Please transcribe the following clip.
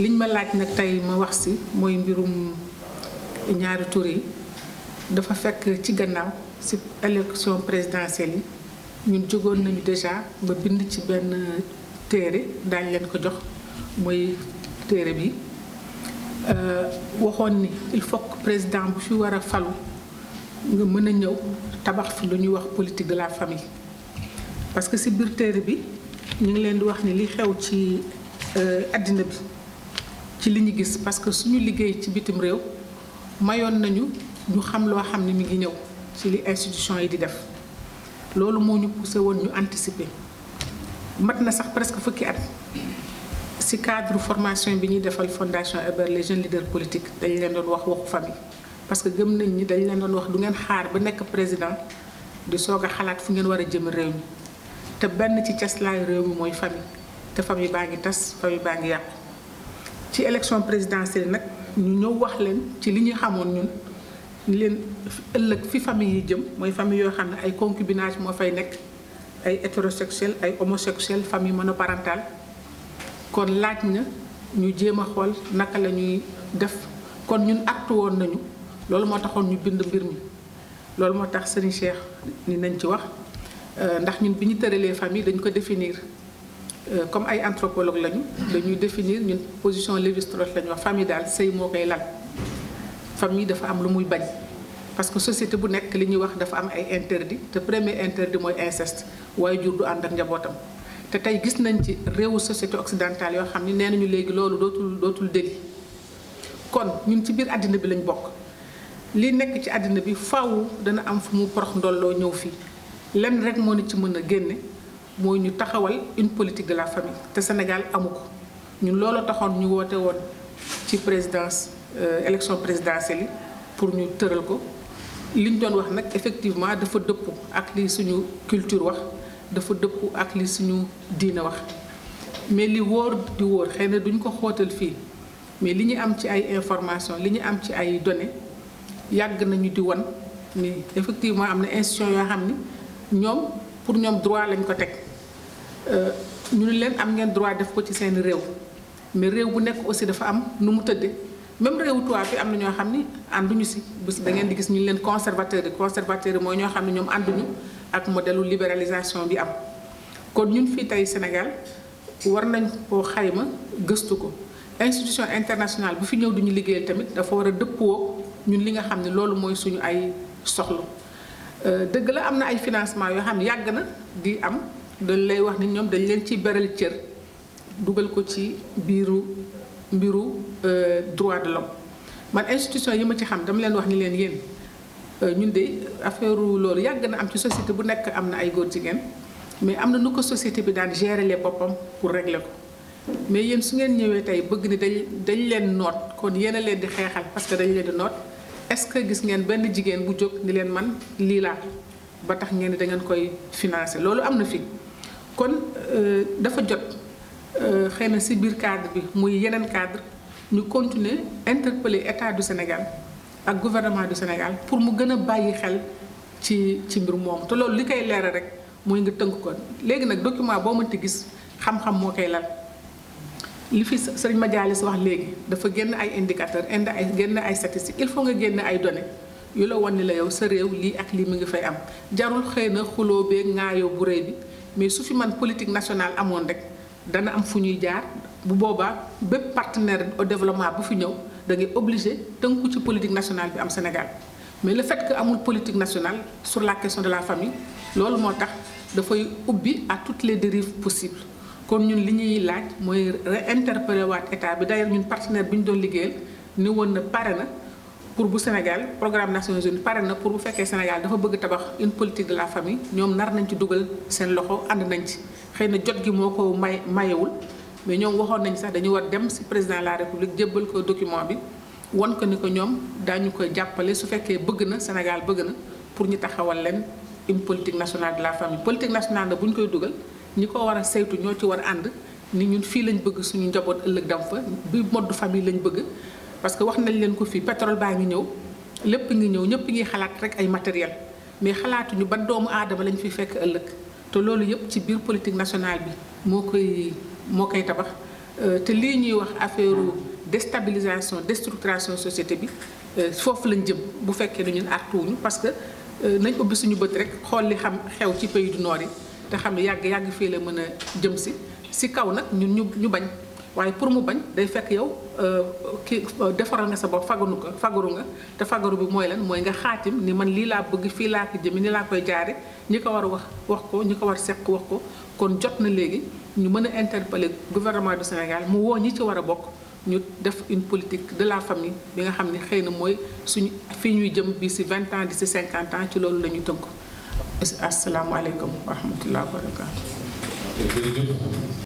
liñ ma laaj nag tey ma wax si mooy mbirum ñaari tur yi dafa fekk ci gannaaw si élection présidentielle yi ñun jógoon nañu déjà ba bind ci benn téere daañ leen ko jox mooy téere bi euh, waxoon ni il faut président bu fi war a falu nga mën a ñëw tabax fi lu ñuy wax politique de la famille parce que si biir téere bi ñu ngi leen di wax ni li xew ci euh, addina bi ci li ñu gis parce que suñu liggéey ci bitim réew mayoon nañu ñu xam loo xam ne mu ngi ñëw ci li institution yi di def loolu moo ñu poussé woon ñu anticiper mat na sax presque fukki at ci cadre formation bi ñuy defal fondation Hébert les jeunes leaders politiques dañ leen doon wax waxu famille parce que gëm nañ ni dañ leen doon wax du ngeen xaar ba nekk président di soog a xalaat fu ngeen war a jëm réew mi te benn ci ceslaayu réew mi mooy famille te famille baa ngi tas famille baa ngi yàqu ci élection présidentielle nak ñu ñëw wax leen ci li ñu xamoon ñun ñu leen ëllëg fi famille yi jëm mooy famille yoo xam ne ay concubinage moo fay nekk ay hétérosexuel ay homosexuel famille monoparentale kon laaj na ñu jéem a xool naka la ñuy def kon ñun actu woon nañu loolu moo taxoon ñu bind mbir mi loolu moo tax Serigne Cheikh ni nañ ci wax euh, ndax ñun bi ñu tëralee famille dañ ko définir euh, comme ay anthropologue lañu dañuy définir ñun position Lévi-Strauss la wax famille daal sëy moo koy lal famille dafa am lu muy bañ parce que société bu nekk li ñuy wax dafa am ay interdit te premier interdit mooy inceste waaye jur du ànd ak njabootam te tey gis nañ ci réewu société occidentale yoo xam ni nee nañu léegi loolu dootul dootul déli kon ñun ci biir àddina bi lañ bokk li nekk ci àddina bi faaw dana am fu mu porox ndolloo ñëw fii lenn rek moo ni ci mën a génne mooy ñu taxawal une politique de la famille te Sénégal amu ko ñu loolu taxoon ñu woote woon ci présidence euh, élection présidentielle pour ñu tëral ko li ñu doon wax nag effectivement dafa dëpp ak li suñu culture wax dafa dëpp ak li suñu diine wax mais li wóor di wóor xëy na duñ ko xóotal fii mais li ñu am ci ay information li ñu am ci ay données yàgg nañu di wan ni effectivement am na institution yoo xam ni ñoom pour ñoom droit lañu ko teg Euh, ñu ni leen am ngeen droit def ko ci seen réew mais réew bu nekk aussi dafa am nu mu tëddee même réewu tubaab bi am na ñoo xam ni ànduñu si bés da ngeen di gis ñu leen conservateur yi conservateur yi mooy ñoo xam ne ñoom ànduñu ak modèle libéralisation bi am. kon ñun fii tey Sénégal war nañ koo xayma gëstu ko institution internationale bu fi ñëw duñu liggéeyal tamit dafa war a dëppoo ñun li nga xam ne loolu mooy suñu ay soxla euh, dëgg la am na ay financement yoo xam ne yàgg na di am. dañ lay wax ni ñoom dañ leen ci beral cër dugal ko ci biiru mbiru euh, droit de l'homme man institution yi ma ci xam dama leen wax ni leen yéen euh, ñun de affaire loolu yàgg na am ci société bu nekk am na ay góor jigéen mais am na nu ko société bi daan gérer les boppam pour régler ko mais yéen su ngeen ñëwee tey bëgg ni dañ dañ leen noot kon yéen a leen di xeexal parce que dañ leen di noot est-ce que gis ngeen benn jigéen bu jóg ni leen man lii laa ba tax ngeen ni da ngeen koy financer loolu am na fi. kon dafa jot xëy na si biir cadre bi muy yeneen cadre ñu continuer interpeller état du Sénégal ak gouvernement du Sénégal pour mu gën a bàyyi xel ci ci mbir moomu te loolu li koy leeral rek mooy nga tënk ko léegi nag document boo mënti gis xam-xam moo koy lal li fi sëriñ Madialis wax léegi dafa génn ay indicateur indi ay génn ay statistiques il faut nga génn ay données yu la wan ni la yow sa réew lii ak lii mi ngi fay am jarul xëy na xuloo bee ŋaayoo bu rëy bi mais su fi man politique nationale à rek dana am fu ñuy jaar bu partenaire au développement bu fi ñëw da obligé politique nationale bi Sénégal mais le fait que amul politique nationale sur la question de la famille loolu moo tax dafay ubbi à toutes les dérives possibles kon ñun li ñuy laaj mooy réinterpeller waat état bi d'ailleurs ñun partenaire bi ñu doon liggéeyal ni pour bu Sénégal programme Nations Unies pare na pour bu fekkee Sénégal dafa bëgg tabax une politique de la famille ñoom nar nañ ci dugal seen loxo ànd nañ ci xëy na jot gi moo ko may mayewul mais ñoom waxoon nañ sax dañu war dem ci président de la république jébbal ko document bi won ko ni ko ñoom daañu koy jàppale su fekkee bëgg na Sénégal bëgg na pour ñu taxawal leen une politique nationale de la famille politique nationale la bu koy dugal ñi ko war a saytu ñoo ci war a ànd ni ñun fii lañ bëgg suñu njaboot ëllëg dem fa bi mode famille lañ bëgg parce que wax nañ ko pétrole baa ngi matériel mais xalaatuñu ba doomu aadama lañ fi fekk loolu yëpp ci politique nationale bi koy koy tabax euh, ñuy wax déstabilisation déstructuration société bi euh, lañ jëm bu ñun parce que euh, nañ ubbi suñu rek li xam xew ci pays du nord yi xam ne la waaye pour mu bañ day fekk yow euh, ki euh, defaral nga sa bopp fagaru nga fagaru nga te fagaru bi mooy lan mooy nga xaatim ni man lii laa bëgg fii laa ko jëmi ni laa koy jaare ñi ko war a wax wax ko ñi ko war a seq wax ko kon jot na léegi ñu mën a interpeller gouvernement du Sénégal mu woo ñi ci war a bokk ñu def une politique de la famille bi nga xam ne xëy na mooy suñu fii ñuy jëm bi si vingt ans di si cinquante ans ci loolu la ñu tënk asalaamaaleykum wa rahmatulah wa barakatu